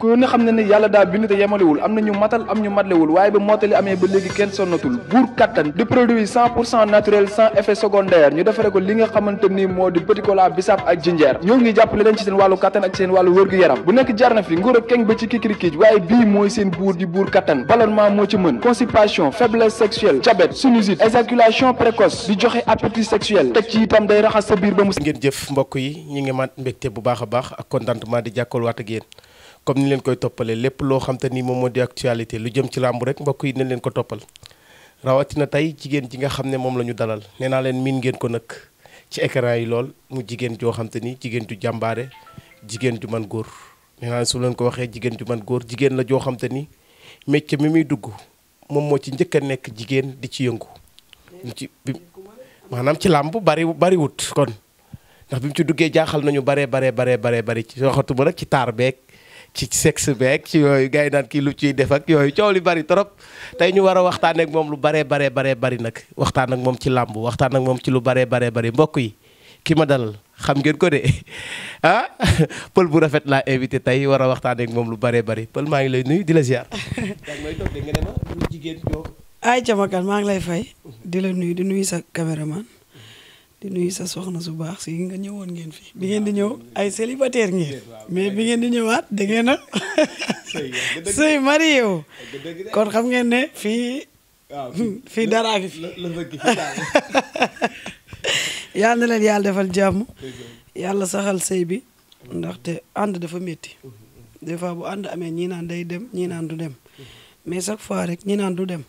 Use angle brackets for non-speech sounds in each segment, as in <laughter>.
ku ne xam ne ni yàlla daa bind te yemalewul am na ñu matal am ñu matlewul waaye ba mottali amee ba léegi kenn sonnatul buur kattan di produit cent pour cent naturel sans effet secondaire ñu defare ko li nga xamante ni moo di petit cola bisaab ak jinjeer ñoo ngi jàppale leen ci seen wàllu kattan ak seen wàllu wërgu yaram bu nekk jarna fi nguur ak keng ba ci kikirikiij waaye bii mooy seen buur di buur kattan ballonnement moo ci mën constipation faiblesse sexuelle diabète sinusite éjaculation joxe appétit sexuel teg ci itam day raxas sa biir ba mu ngeen jëf mbokk yi ñi ngi mat mbégte bu baax a baax ak di jàkkool waat ak comme ni leen koy toppalee lépp loo xam ni moom moo di actualité lu jëm ci làmb rek mbokk yi dinañ leen ko toppal rawatina tey jigéen ji nga xam ne moom la ñu dalal nee naa leen miin ngeen ko nag ci écran yi lool mu jigéen joo xam ni jigéen ju jàmbaare jigéen ju man góor nee naa leen su leen ko waxee jigéen ju man góor jigéen la joo xam ni métier mi muy dugg moom moo ci njëkk a nekk jigéen di ci yëngu. ci maanaam ci làmb bari bariwut kon ndax bi mu ci duggee jaaxal nañu baree baree baree baree bari ci waxatuma rek ci taar beeg. ci sexe beeg ci yooyu gars yi naan kii lu ciy def ak yooyu coow li bari trop tey ñu war a waxtaan ak moom lu baree baree baree bari nag waxtaan ak moom ci làmb waxtaan ak moom ci lu baree baree bari mbokk yi ki ma dal xam ngeen ko de <laughs> ah <laughs> pël bu rafet laa invité tey war a waxtaan ak moom lu baree bari pël maa ngi lay nuyu di la ziar. <laughs> ay jamakan maa ngi lay fay di la nuyu di nuyu sa caméraman di nuyu sa soxna su baax si nga ñëwoon ngeen fi bi ngeen di ñëw ay célibataire ngeen mais bi ngeen di ñëwaat da ngeen a <laughs> sëy marié wu kon xam ngeen ne fii <laughs> fii dara ngi fi <laughs> yal na leen yàlla defal jàmm yàlla saxal sëy bi ndaxte ànd dafa metti des fois bu ànd amee ñii naan day dem ñii naan du dem mais chaque fois rek ñii naan du dem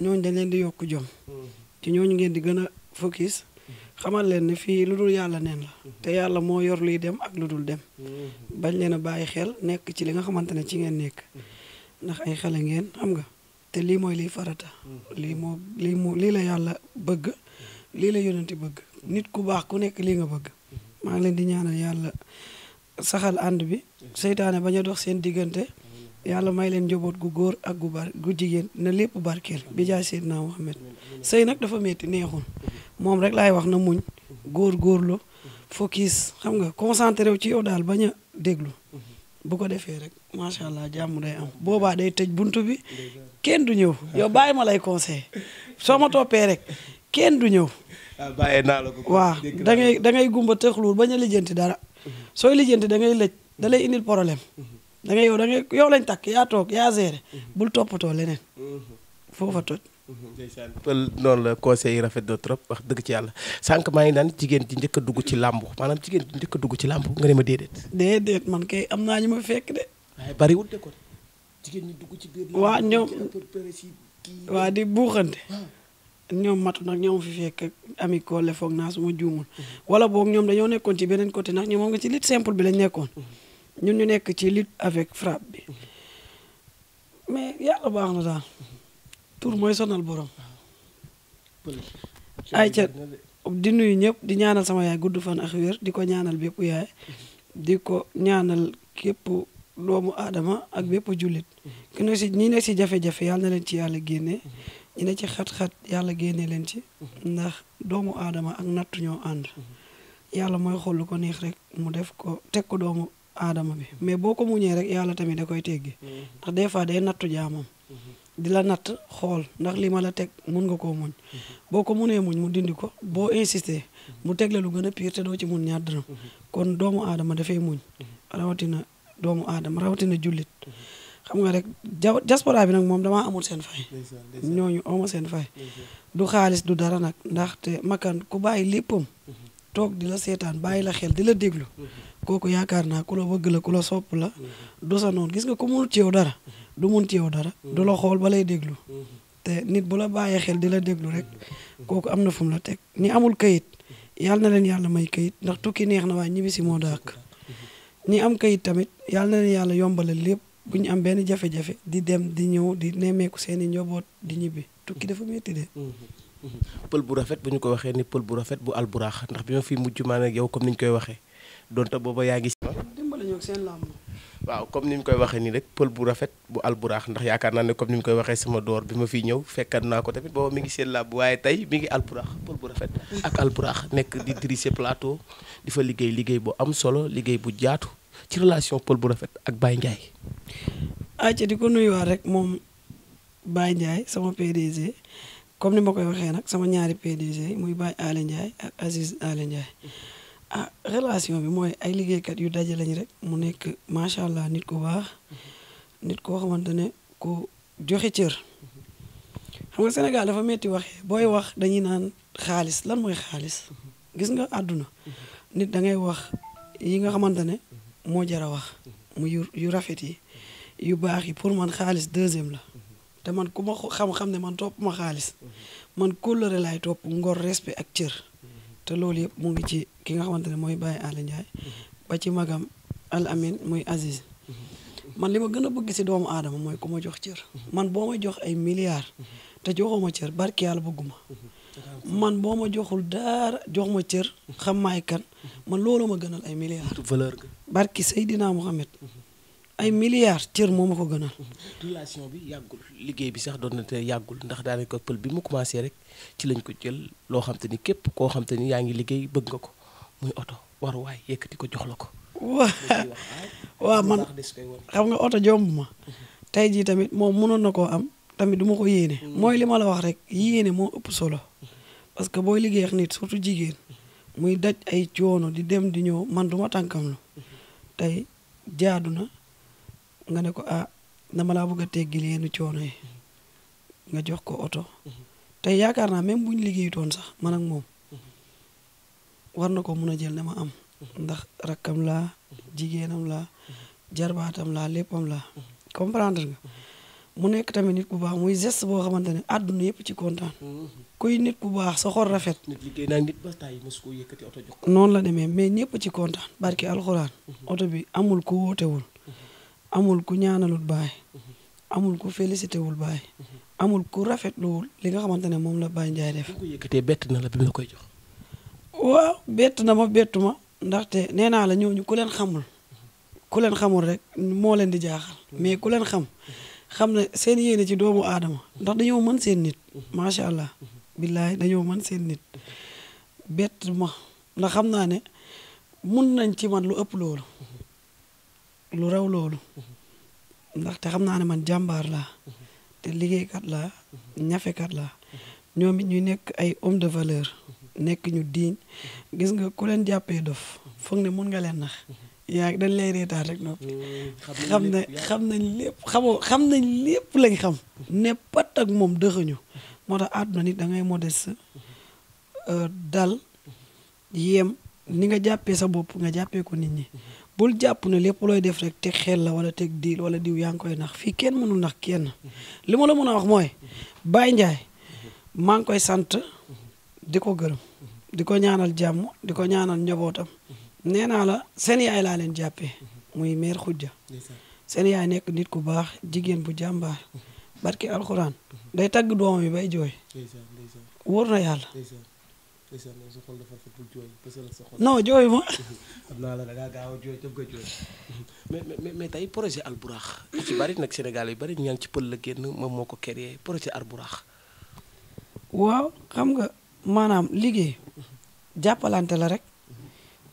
ñooñu dañ leen di yokk jom ci ñooñu ngeen di gën a focus xamal leen ni fii lu dul yàlla neen la te yàlla moo yor luy dem ak lu dul dem mm-hmm. bañ leen a bàyyi xel nekk ci li nga xamante ne ci ngeen nekk mm-hmm. ndax ay xale ngeen xam nga te lii mooy liy farata mm-hmm. lii moo lii lii la yàlla bëgg lii la yonenti bëgg nit ku baax ku nekk lii nga bëgg maa ngi leen di ñaanal yàlla saxal ànd bi seytaane bañ a dox seen diggante yàlla may leen njaboot gu góor ak gu bar gu jigéen na lépp barkeel bi jaay Seydina Muhammad sëy nag dafa metti neexul moom rek laay wax na muñ góor góorlu focus xam nga concentré wu ci yow daal bañ a déglu bu ko defee rek macha allah jàmm day am boobaa day tëj buntu bi kenn du ñëw yow bàyyi ma lay conseil soo ma toppee rek kenn du ñëw ah, bàyyee naa la ko waaw da ngay da ngay gumba tëxluur bañ a lijjanti dara sooy lijjanti da ngay lëj da lay indil problème da yow da yow lañ takk yaa toog yaa gérer bul toppatoo leneen mm-hmm. foofa toj ndeysaan pël noonu la conseil yi rafet na trop wax dëgg ci yàlla sànq maa ngi daan jigéen ji njëkk dugg ci làmb maanaam jigéen ji njëkk dugg ci làmb nga ne ma déedéet. déedéet man kay am naa ñu ma fekk de. waaye bariwul de kon jigéen ñi dugg ci biir. waa ñoom waa di buuxante. Ah. ñoom matu nag ñoom fi fekk ami Kole foog naa su ma juumul. wala boog ñoom dañoo nekkoon ci beneen côté ndax ñoom moom nga ci lutte simple bi lañ nekkoon. Mm-hmm. ñun ñu nekk ci lutte avec frappe bi. mais yàlla baax na daal. tur mooy sonal borom ay ca di nuyu ñëpp di ñaanal sama yaay gudd fan ak wér di ko ñaanal bépp yaay di ko ñaanal képp doomu aadama ak bépp jullit ki ne si ñi ne si jafe-jafe yàlla leen ci yàlla génne ñi ne ci xat-xat yàlla génne leen ci ndax doomu aadama ak nattu ñoo ànd yàlla mooy xool ko neex rek mu def ko teg ko doomu aadama bi mais boo ko muñee rek yàlla tamit da koy teggi ndax des fois day nattu jaamam di la natt xool ndax li ma la teg mun nga koo muñ boo ko munee muñ mu dindi ko boo insister mu teg la lu gën a pire te doo ci mun ñaar dërëm kon doomu aadama dafay muñ rawatina doomu aadama rawatina jullit xam nga rek diaspora bi nag moom dama amul seen fay ñooñu awma seen fay du xaalis du dara nag ndaxte makan ku bàyyi léppam toog di la seetaan bàyyi la xel di la déglu kooku yaakaar naa ku la bëgg la ku la sopp la du noon gis nga ku munut ci dara du mun ci yow dara. du la xool ba lay déglu. te nit bu la bàyyee xel di la déglu rek kooku am na fum la teg ñi amul kayit yàlla na leen yàlla may kayit ndax tukki neex na waaye si moo dàq. ñi am kayit tamit yàlla na leen yàlla yombalal lépp bu ñu am benn jafe-jafe di dem di ñëw di nemmeeku seen i njaboot di ñibbi tukki dafa métti de. pël bu rafet bu ñu ko waxee ni pël bu rafet bu alburaax ndax bi ma fi mujj maa ak yow comme ni ñu koy waxee donte booba yaa ngi. dimbali ñoog seen làmb. waaw comme ni ñu koy waxee nii rek pël bu rafet bu alburaax ndax yaakaar naa ne comme ni ñu koy waxee sama door bi ma fiy ñëw fekkat naa ko tamit booba mi ngi seen làbb waaye tey mi ngi alburaax pël bu rafet ak alburaax nekk di diriger plateau di fa liggéey liggéey bu am solo liggéey bu jaatu ci relation pël bu rafet ak Baye Ndiaye. ayca ah, di ko nuyuwaat rek moom baay Ndiaye sama PDG comme ni ma koy waxee nag sama ñaari PDG muy Baye Alé Ndiaye ak Aziz ah relation bi mooy ay liggéeykat yu daje lañ rek mu nekk macha allah nit ku baax nit koo xamante ne ku joxe cër xam nga Sénégal dafa metti waxee booy wax dañuy naan xaalis lan mooy xaalis gis nga àdduna nit da ngay wax yi nga xamante ne moo jar a wax mu yu rafet yi yu baax yi pour man xaalis deuxième la te man ku ma xam-xam ne man topp ma xaalis man kóllëre laay topp ngor respect ak cër te loolu yëpp mu ngi ci ki nga xamante ne mooy Baye Aly Ndiaye mm-hmm. ba ci magam Al Amin muy Aziz mm-hmm. man li ma gën a bëgg si doomu aadama mooy ku ma jox cër mm-hmm. man boo ma jox ay milliards te joxoo ma cër barki yàlla bëgguma man boo ma joxul dara jox ma cër xam maay kan man loolu ma gënal ay milliards valeur barki Seydina Mohamed ay milliards cër moo ma ko gënal. relation bi yàggul liggéey bi sax doon na te yàggul ndax daanaka pël bi mu commencé rek ci lañ ko jël loo xam te ni képp koo xam te ni yaa ngi liggéey bëgg nga ko muy oto waruwaay yëkkati ko jox la ko. waaw waaw man xam nga oto jomb ma. tey jii tamit moom mënoon na koo am tamit du ma ko yéene. Mm. mooy li ma la wax rek yéene moo ëpp solo. parce que booy liggéey ak nit surtout jigéen. muy daj ay coono di dem di ñëw man du ma tànkam lu mm-hmm. tey jaadu na nga ne ko ah dama laa bëgg a teggil yenn coono yi nga jox ko oto mhm. te yaakaar naa même buñ liggéeyutoon sax man ak moom mhm. war na ko mun a jël ne ma am mhm. ndax rakkam laa jigéenam laa jarbaatam laa léppam laa comprendre nga mu nekk tamit nit bu baax muy geste boo xamante ne àdduna yëpp ci kontaan koy nit bu baax sa xol rafet noonu la demee mais ñëpp ci kontaan barki alxuraan oto bi amul ku wóotewul amul ku ñaanalul baay mhm. amul ku félicité wul baay mhm. amul ku rafetluwul li nga xamante ne moom la Baye Ndiaye def. ko yëkkatee bett na la bi mu koy jox. waaw bett na ma bett ma ndaxte nee naa la ñooñu ku leen xamul mhm. ku leen xamul rek moo leen di jaaxal mais ku leen xam xam ne seen yéene ci doomu aadama ndax dañoo man seen nit macha allah billaay dañoo man seen nit bett ma ndax xam naa ne mun nañ ci man lu ëpp loolu lu raw loolu ndaxte xam naa ne man jàmbaar laa te liggéeykat la ñafekat laa ñoom it ñuy nekk ay homme de valeur nekk ñu diiñ gis nga ku leen jàppee dof foog ne mun nga leen nax yaa dañ lay reetaat rek noppi xam ne xam nañ lépp xamoo xam nañ ne pat ak moom dëxañu moo tax àdduna nit dangay ngay modeste euh, dal yem ni nga jàppee sa bopp nga jàppee ko nit ñi bul jàpp ne lépp looy def rek teg xel la wala teg diil wala diw yaa ngi koy nax fii kenn mënul nax kenn mm-hmm. li ma la mën a wax mooy Baye Ndiaye mm-hmm. maa ngi koy sant mm-hmm. di ko gërëm di ko ñaanal jàmm di ko ñaanal njabootam nee naa la seen yaay laa leen jàppee muy mère Khoudia seen yaay nekk nit ku baax jigéen bu jàmbaar barki alxuraan day tagg doomam yi bay jooy wóor na yàlla non jooy ma. xam <laughs> naa la da ngaa a jooy te nga jooy. <laughs> mais mais tey projet Alburax ci bari nag Sénégal yu bari ñaa ngi ci pël la génn moom moo ko créé projet Alburax. waaw xam nga maanaam liggéey jàppalante la rek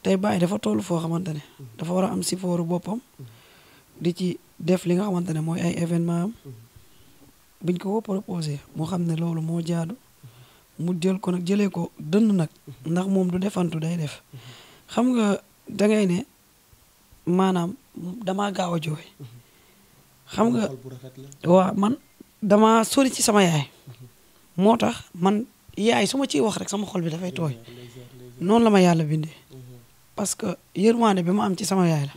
tey bàyyi dafa toll foo xamante ne dafa war a am sipooru boppam di ci def li nga xamante ne mooy ay événement am mm-hmm. biñ ko ko proposé moo xam ne loolu moo jaadu. mu jël ko nag jëlee ko dënn nag mhm. ndax moom du defantu day def mhm. xam nga dangay ne maanaam damaa gaaw a jooy mhm. xam nga waaw man dama sori ci sama yaay moo tax man yaay su ma ciy wax rek sama xol bi dafay tooy noonu la ma yàlla bindee parce que yërmande bi mu am ci sama yaay la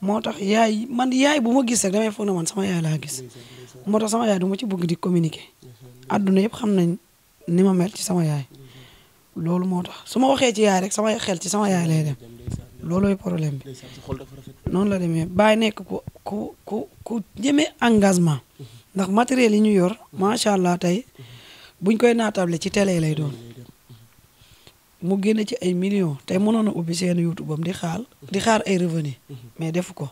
moo tax yaay man yaay bu ma gis rek damay foog ne man sama yaay laa gis moo tax sama yaay du ma ci bugg di communique adduna yëpp xam nañ ni ma mel ci sama yaay loolu moo tax su ma waxee ci yaay rek sama xel ci sama yaay lay dem loolooy problème bi noonu la demee bàyyi nekk ku ku ku ku jëmee engagement ndax matériel yi ñu yor macha allah tey buñ koy naatable ci télé lay doon mu génne ci ay millions tey mënoon a ubbi seen youtube am di xaal di xaar ay revenu mais def ko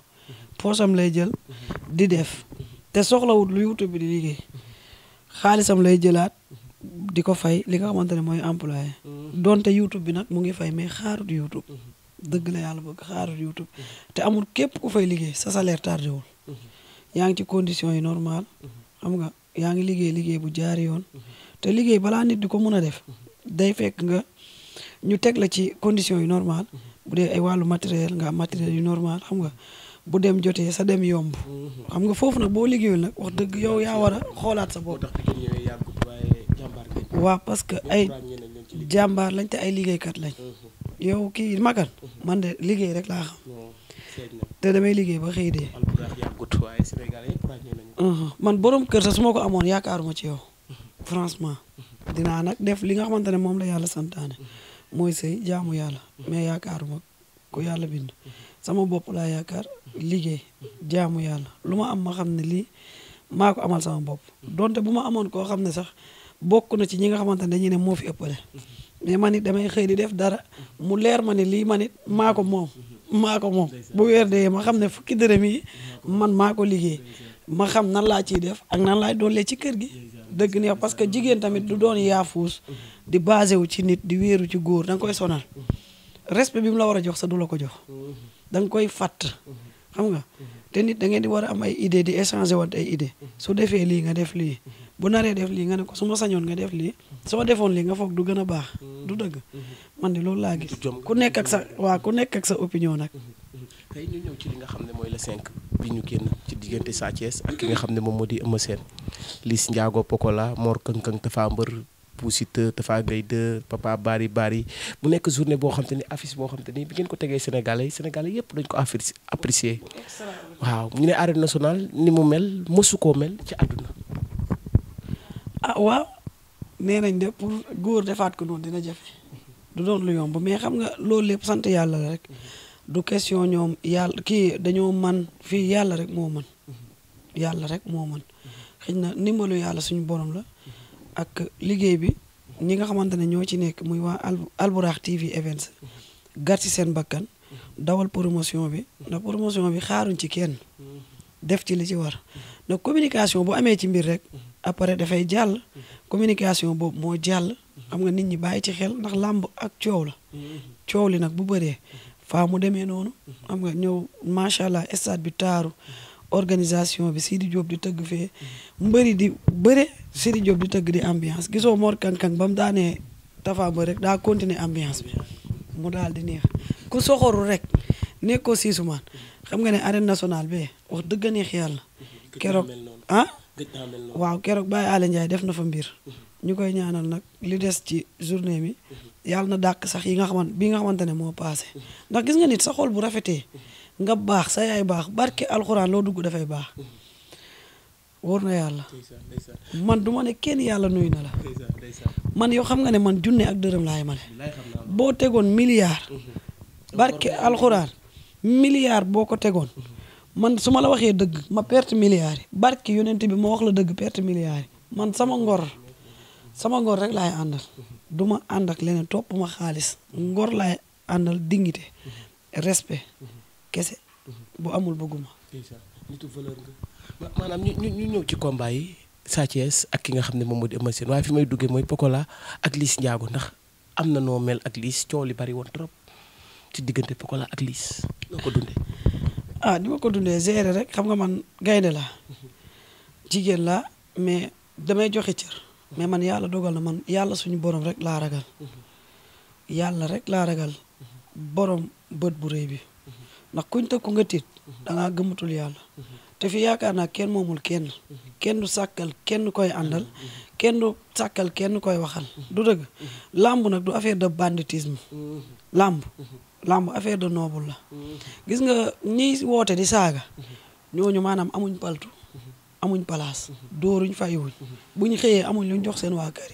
poosam lay jël di def te soxlawut lu youtube bi di liggéey xaalisam lay jëlaat di ko fay li nga xamante ne mooy employé mm-hmm. donte YouTube bi nag mu ngi fay mais xaarut YouTube mm-hmm. dëgg la yàlla bëgg xaarut YouTube mm-hmm. te amul képp ku fay liggéey sa salaire tardé wul yaa ngi ci conditions yi normal xam nga yaa ngi liggéey liggéey bu jaari yoon te liggéey balaa nit di ko mën a def day fekk nga ñu teg la ci conditions yu normal bu dee ay wàllu matériel nga am yu normal xam nga bu dem jotee sa dem yomb xam nga foofu nag boo liggéeyul nag wax dëgg yow yaa war a xoolaat sa bopp waaw parce que ay jàmbaar lañ te ay liggéeykat lañ yow kii magal man liggéey rek laa xam te damay liggéey ba xëy dee uh-huh. man borom kër sax su ma ko amoon yaakaaruma ci yow franchement dinaa nag def li nga xamante ne moom la yàlla santaane mooy sëy jaamu yàlla mais yaakaaruma ko yàlla bind sama bopp laa yaakaar liggéey jaamu yàlla lu ma am ma xam ne lii maa ko amal sama bopp donte bu amoon koo xam ne sax bokk na ci ñi nga xamante ne dañuy ne moo fi ëppale mais man it damay xëy di def dara mu leer ma ne lii man it maa moom maako moom bu weer dee ma xam ne fukki dërëm yi man maa ko liggéey ma xam nan laa ciy def ak nan laay doolee ci kër gi dëgg neex parce que jigéen tamit du doon yaafuus di basé wu ci nit di weeru ci góor danga koy sonal respect bi mu la war a jox sa du la ko jox danga koy fàtt xam nga te nit da ngeen di war a am ay idée di échanger wante ay idée mm-hmm. su defee lii nga def lii mm-hmm. bu naree def lii nga ne ko su ma sañoon nga def lii mm-hmm. soo defoon lii nga foog du gën a baax du dëgg man de loolu laa gis ku nekk ak sa waa ku nekk ak sa opinion nag ci li nga xam ne mooy le 5 bi ñu génn diggante Sa ak ki nga xam ne moom moo di Eumeu Sène Liss Ndiago Pokola Mor Kënkëng Tafa Mbër Siteu Tafa Gueye 2 Papa Bari Bari bu nekk journée boo xam te ni affiche boo xam te ni bi ngeen ko tegee Sénégalais yi Sénégalais yëpp dañ ko affiche apprécier waaw ñu ne arène nationale ni mu mel mosu koo mel ci àdduna. ah waaw nee nañ de pour góor defaat ko noonu dina jafe du doon lu yomb mais xam nga loolu lépp sant yàlla la rek du question ñoom yàlla kii dañoo man fii yàlla rek moo mën mm-hmm. yàlla rek moo mën xëy yàlla suñu borom la. ak liggéey bi ñi nga xamante ne ñoo ci nekk muy waa Albourakh TV Events gar ci seen bakkan dawal promotion bi ndax promotion bi xaaruñ ci kenn def ci li ci war ndax communication bu amee ci mbir rek après dafay jàll communication boo moo jàll xam nga nit ñi bàyyi ci xel ndax làmb ak coow la coow li nag bu bëree faa mu demee noonu xam nga ñëw macha allah stade bi taaru organisation bi sii di Diop di tëgg fee mbëri di bëre Sidi Diop di tëgg di ambiance gisoo Mor Kankang ba mu daanee Tafa rek daa continuer ambiance bi mu daal di neex ku soxoru rek nekkoo siisumaan xam nga ne arène nationale bi wax dëgg a neex yàlla keroog ah waaw keroog Baye Alé def na fa mbir ñu koy ñaanal nag li des ci journée mi mhm. yàlla na dàq sax yi nga xamante bii nga xamante ne moo passé mhm. ndax gis nga nit sa xool bu rafetee mhm. nga baax sa yaay baax barke alxuraan loo dugg dafay baax wóor na yàlla man duma ne kenn yàlla nuyu na la man yoo xam nga ne man junne ak dërëm laay male boo tegoon milliard mhm. barke alxuraan milliard boo ko tegoon mhm. man su ma la waxee dëgg ma perte milliard yi barke yonent bi ma wax la dëgg perte milliard man sama ngor sama ngor rek laay àndal mhm. du ànd ak leneen topp ma xaalis ngor laay àndal dignité respect kese mhm. bu amul bëgguma maanaam ñu ñu ñëw ci combat yi Sa ak ki nga xam ne moom moo di Eumeu waaye fi may duggee mooy Pokola ak liis Ndiago ndax am na noo mel ak Liss coow bari woon trop ci diggante Pokola ak Liss noo ko dundee ah ni ma ko dundee gérer rek xam nga man gaynde laa mhm. jigéen laa mais damay joxe cër mais man yàlla dogal na man yàlla suñu borom rek laa ragal mhm. yàlla rek laa ragal borom bët bu rëy bi ndax kuñ tëkku nga tiit da ngaa yàlla te fi yaakaar naa kenn moomul kenn kenn du sàkkal kenn koy àndal kenn du sàkkal kenn koy waxal du dëgg làmb nag du affaire de banditisme làmb làmb affaire de noobul la gis nga ñiy woote di saaga ñooñu maanaam amuñ paltu amuñ dooruñ dóoruñ fayuñ buñ xëyee amuñ luñ jox seen waa kër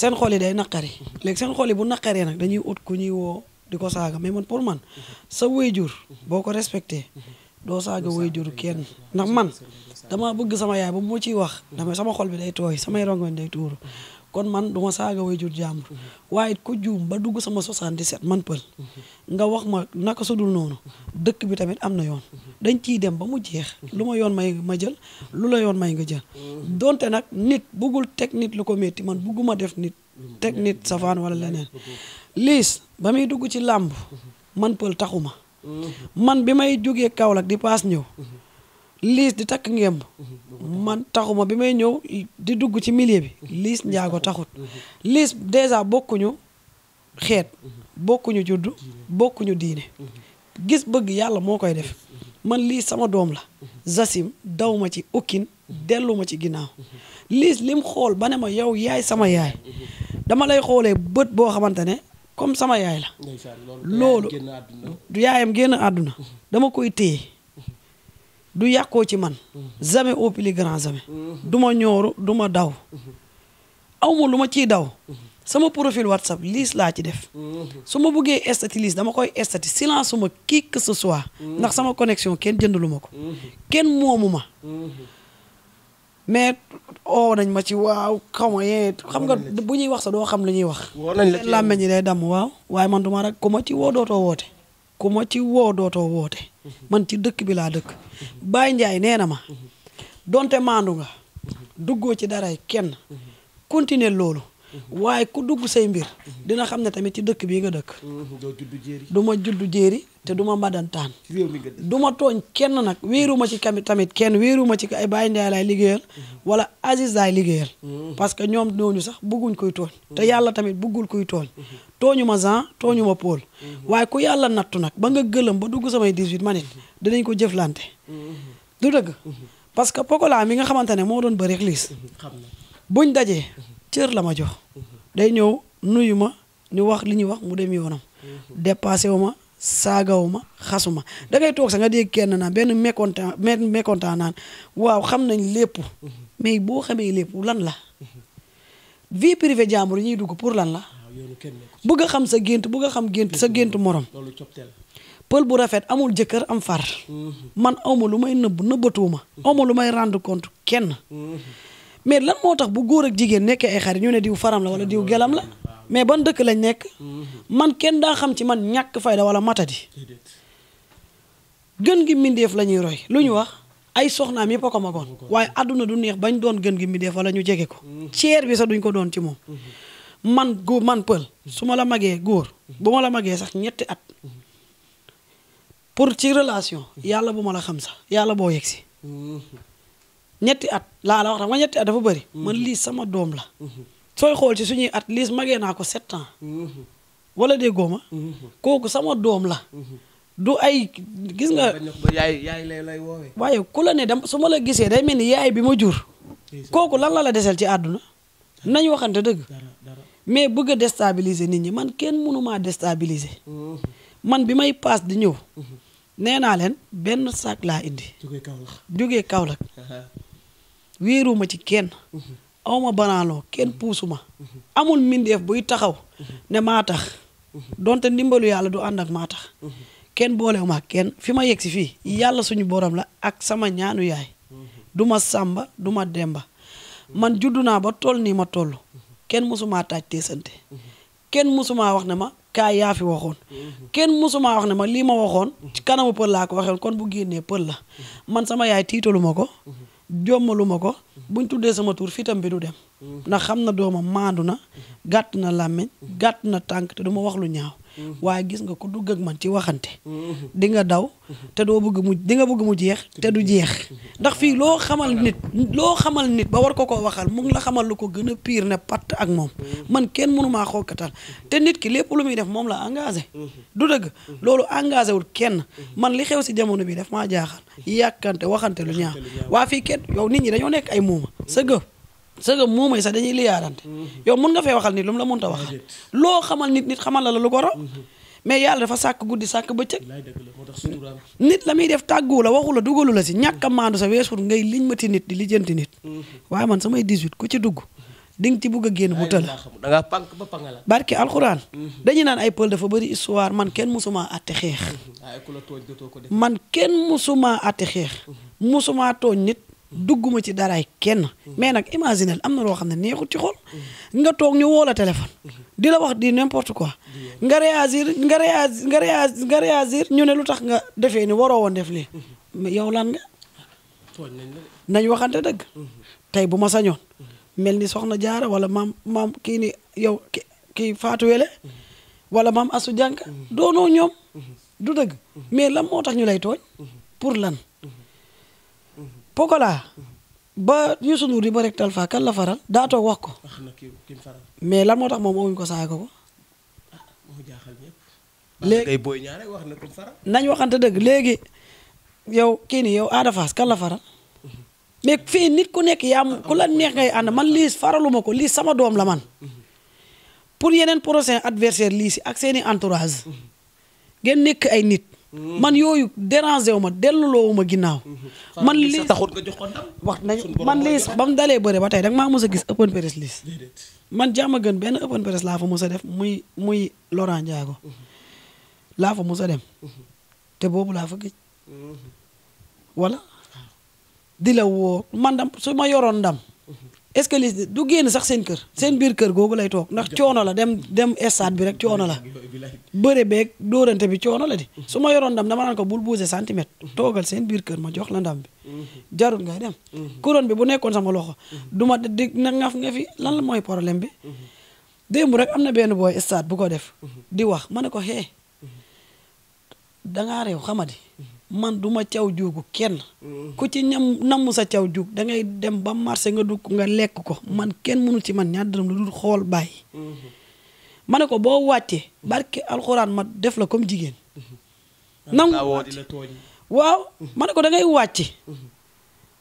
seen xol yi day naqari léegi seen xol yi bu naqaree nag dañuy ut ku ñuy woo di ko saaga mais man pour man sa wayjur boo ko respecté doo saaga wayjur kenn ndax man dama bëgg sama yaay ba mu ciy wax dama sama xol bi day tooy samay rongoñ day tuuru kon man duma ma saaga wayjur jàmbur waaye ko juum ba dugg sama 77 man pël nga wax ma naka sudul noonu dëkk bi tamit am na yoon dañ ciy dem ba mu jeex lu ma yoon may ma jël lu la yoon may nga jël donte nag nit bëggul teg nit lu ko metti man bëgguma def nit teg nit safaan walla leneen liis ba muy dugg ci làmb man pël taxuma man bi may jógee Kaolack di paas ñëw liis di takk ngemb man taxuma bi may ñëw di dugg ci millier bi liis njaago taxut liis dèjà bokkuñu xeet bokkuñu juddu bokkuñu diine gis bëgg yàlla moo koy def man liis sama doom la Zasim daw ma ci ukkin delluma ci ginnaaw liis lim xool ba ne ma yow yaay sama yaay dama lay xoolee bët boo xamante ne comme sama yaay la. loolu du yaayam génn àdduna. dama koy téye du yàqoo ci man. jamais au plus grand jamais. du ma ñooru du ma daw. aw ma lu ma ciy daw. sama profil whatsapp liis laa ci def su ma buggee estati liis dama koy estati silence suma kii que ce soit ndax sama connexion kenn jëndalu ma ko kenn moomu mais oo nañ ma ci waaw xaw ma yee xam nga bu ñuy wax sa doo xam lu ñuy wax. seen làmmeñ yi day damm waaw. waaye man du ma rek ku ma ci woo dootoo woote ku ma ci woo dootoo woote mm-hmm. man ci dëkk bi laa dëkk. Mm-hmm. Baye Ndiaye nee na ma mm-hmm. donte maandu nga duggoo ci daray kenn continuer loolu. waaye ku dugg say mbir dina xam ne tamit ci dëkk bii nga dëkk mm-hmm. du ma juddu jéeri te du ma mbadantaan du ma tooñ kenn nag wéeru ma ci kami tamit kenn wéeru ma ci ay Baye Ndiaye laay liggéeyal mm-hmm. wala Aziz laay liggéeyal mm-hmm. parce que ñoom ñooñu sax bëgguñ koy tooñ te yàlla tamit bëggul koy tooñ tooñu ma Jean tooñu ma Paul waaye ku yàlla nattu nag ba nga gëlëm ba dugg samay 18 manit dinañ ko jëflante du dëgg parce que Pokola mi nga xamante ne moo doon bëri ak Liss buñ dajee cër la ma jox day ñëw nuyu ma ñu wax li ñuy wax mu dem yoonam dépassé wu ma saagawu ma xasu ma da ngay toog sax nga dégg kenn naan benn mécontent mécontent naan waaw xam nañ lépp mais boo xamee lépp lan la vie privée jàmbur yi ñuy dugg pour lan la bëgg xam sa gént bëgg a xam gént sa gént morom pël bu rafet amul jëkkër am far man awma lu may nëbb nëbbatuuma awma lu may rendre compte kenn mais lan moo tax bu góor ak jigéen nekkee ay xarit ñu ne diw faram la wala diw gelam la mais ban dëkk lañ nekk man kenn daa xam ci man ñàkk fayda wala matadi gën gi mbindeef la ñuy roy lu ñu wax ay soxnaam yëpp a ko waaye àdduna du neex bañ doon gën gi mbindeef wala ñu jege ko ceer bi sax duñ ko doon ci moom man góor man pël su ma la magee góor bu ma la magee sax ñetti at pour ci relation yàlla bu ma la xam sax yàlla boo yegg si ñetti at laa la wax xam nga ñetti at dafa bëri mm-hmm. man lii sama doom la sooy xool ci suñuy at liis magee naa ko sept ans mm-hmm. wala dee góoma mm-hmm. kooku sama doom la du ay gis nga yaay yaay lay lay woowee waaye ku la ne dem su ma la gisee day mel ni yaay bi ma jur kooku lan la la desel ci àdduna nañ waxante dëgg mais bëgg a nit ñi man kenn mënumaa déstabiliser man bi may paas di ñëw nee naa leen benn sac laa indi jógee Kaolack jógee wéeruma ci kenn awma banaaloo kenn puusuma amul mbindeef buy taxaw ne maa tax donte ndimbalu yàlla du ànd ak maa tax kenn boolewuma ak kenn fi ma yegg si fii yàlla suñu borom la ak sama ñaanu yaay duma sàmba duma demba man juddu naa ba toll nii ma toll kenn mosumaa taaj teesante kenn mosumaa wax ne ma kaa yaa fi waxoon kenn mosumaa wax ne ma lii ma waxoon ci kanamu pël laa ko waxoon kon bu génnee pël la man sama yaay tiitaluma ko jommaluma ko buñ tuddee sama tuur fitam bi du dem mm. ndax xam na doomam maandu na mm-hmm. gàtt na làmmiñ mm-hmm. gàtt na tànk te du wax lu ñaaw Mm-hmm. waaye gis nga ku dugg ak man ci waxante. Mm-hmm. di nga daw te doo bëgg mu di nga bëgg mu jeex te du jeex mm-hmm. ndax fii loo xamal nit loo xamal nit ba war ko ko waxal mu ngi la xamal lu ko gën a pire ne patt ak moom man kenn mënu maa xokkatal te nit ki lépp lu muy def moom la engagé. du dëgg loolu engagé wul kenn man li xew si jamono bi daf ma jaaxal yàkkante waxante lu ñaaw waa fii kenn yow nit ñi dañoo nekk ay muuma sa c'est que moomay sax dañuy liyaarante mm-hmm. yow mun nga fee waxal nit lu mu la munta wax loo xamal nit nit xamal la la lu ko raw mm-hmm. mais yàlla dafa sàkk guddi sàkk bëccëg nit la muy def tàgguwu la waxu la dugalu la si ñàkk a maandu sa weesul ngay liñ mati nit di lijjanti nit mm-hmm. waaye man samay 18 ku ci dugg di nga ci bugg a génn mu tëla dangaa pànk ba pàngal barki alxuraan dañuy naan ay pël dafa bëri histoire man kenn musuma àtte xeex man kenn musuma àtte xeex musuma tooñ nit dugguma ci daraay kenn mais nag imaginel am na loo xam ne neexut ci xol nga toog ñu woo la téléphone di la wax di n'importe quoi nga réagir nga réagir nga ñu ne lu tax nga defee ni waroo woon def lii mais yow lan nga nañ waxante dëgg tey bu masa sañoon mm-hmm. mel ni soxna jaara wala maam maam kii ni yow kii faatu wele mm-hmm. wala maam asu jànk mm-hmm. doonoo ñoom du dëgg mais lan moo tax ñu lay tooñ pour lan Pokola ba Youssou Ndour di ba rek Talfa kan la faral daa toog wax ko. mais lan moo tax moom waxuñ ko saay ko ko. Ah, léegi nañ waxante dëgg léegi yow kii nii yow Ada Fass kan la faral. mais fii nit ku nekk yaa ku la neex ngay ànd man lii faraluma ko lii sama doom la man pour yeneen prochain adversaire lii si ak seeni entourage ngeen nekk ay nit man yooyu déranger wu ma delluloo wu ma ginnaaw. man lii taxut nga jox ko wax nañ man lii ba mu dalee bëre ba tey rek maa mos a gis open press list man jàmm gën benn open press laa fa mos a def muy muy Laurent Ndiago mm-hmm. laa fa mos a dem mm-hmm. te boobu laa fa gis wala mm-hmm. ah. di la woo man dam su ma yoroon ndam est-ce que du génn sax seen kër seen biir kër googu lay toog ndax coono la dem dem stade bi rek coono la bëre beeg dóorante bi coono la di su ma yoroon ndam dama naan ko bul bouger centimètre toogal seen biir kër ma jox la ndam bi jarul ngay dem couronne bi bu nekkoon sama loxo du ma di na ngaf nga fi lan la mooy problème bi démb rek am na benn booy stade bu ko def di wax ma ne ko xee dangaa réew xamadi man duma ma caw juugu kenn ku ci ñam namm sa caw juug dangay dem ba marché nga dugg nga lekk ko man kenn mënu ci man ñaar dërëm lu dul xool bàyyi ma ne ko boo wàccee barke alxuraan ma def la comme jigéen nangu waaw ma ne ko da ngay wàcce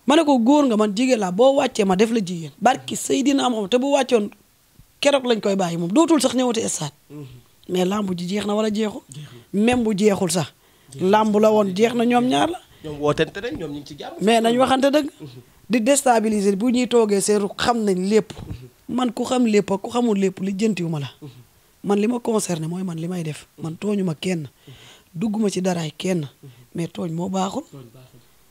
ma ne ko góor nga man jigéen laa boo wàccee ma def la jigéen barki Seydina Muhammad te bu wàccoon keroog lañ koy bàyyi moom dootul sax ñëwati stade uhuh. mais lamb ji jeex na wala jeexul même bu jeexul sax làmb la woon jeex na ñoom ñaar la. ñoom wootante nañ ñoom ñu ngi ci jàmm. mais nañ waxante dëgg. di déstabiliser bu ñuy toogee seeru xam nañ lépp. man ku xam lépp ak ku xamul lépp li ma la. man li ma concerné mooy man li may def man tooñu ma kenn dugguma ci daraay kenn mais tooñ moo baaxul.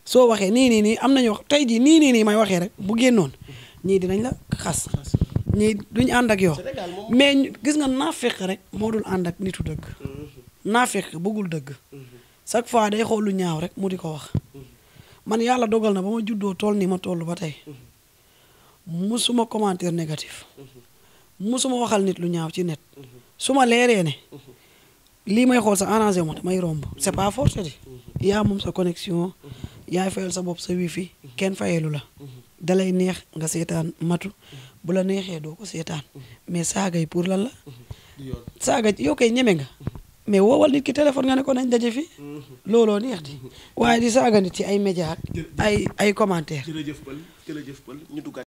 soo waxee nii nii nii am nañu wax tey jii nii nii nii may waxee rek bu génnoon ñii dinañ la xas. ñii duñ ànd ak yow mais gis nga naafeq rek moo dul ànd ak nitu dëgg naafeq bëggul dëgg chaque fois day xool lu ñaaw rek mu di ko wax man yàlla dogal na ba ma juddoo tool ni ma tollu ba tey mu musuma commentaire négatif ma waxal nit lu ñaaw ci net su ma leeree ne lii may xool sa arrangé mo may romb c'est pas forcé di yaa moom sa connexion yaay fayal sa bopp sa wifi kenn fayelu la dalay neex nga seetaan matu bu la neexee doo ko seetaan mais saaga yi pour lan la saaga yow kay ñeme nga mais woowal nit ki téléphone nga ne ko nañ a fi mhm. looloo neex di waaye di saaga nit ci ay média ak ay ay commentaire jërëjëf Bal jërëjëf Bal ñu duggaat